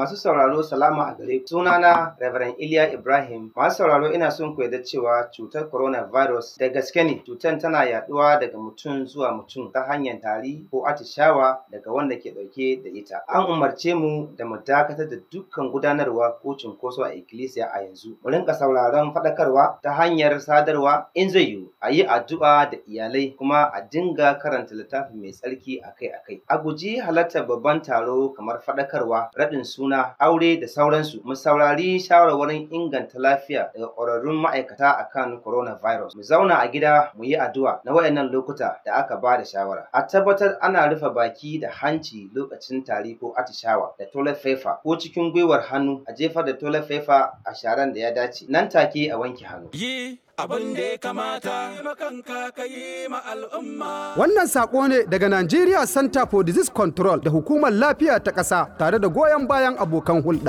Masu sauraro salama a gare sunana Reverend Iliya Ibrahim. Masu sauraro ina son ku yarda cewa cutar coronavirus da gaske ne. Cutar tana yaduwa daga mutum zuwa mutum ta hanyar tari ko atishawa daga wanda ke dauke da ita. An umarce mu da mu dakatar da dukkan gudanarwa ko cunkoso a ikkilisiya a yanzu. Mu rinka sauraron faɗakarwa ta hanyar sadarwa in zai yiwu. A yi addu'a da iyalai kuma a dinga karanta littafi mai tsarki akai-akai. A guji halartar babban taro kamar faɗakarwa, raɗin suna suna, aure da sauransu. Mu saurari shawarwarin inganta lafiya daga ƙwararrun ma'aikata a akan coronavirus. Mu zauna a gida mu yi addu'a na waɗannan lokuta da aka ba da shawara. A tabbatar ana rufe baki da hanci lokacin tari ko atishawa da toilet paper ko cikin gwiwar hannu a jefar da toilet paper a sharan da ya dace. Nan take a wanke hannu. abin da ya kamata makanka ka yi ma al'umma. Wannan saƙo ne daga Nigeria Center for Disease Control da Hukumar Lafiya ta ƙasa tare da goyon bayan abokan hulɗa.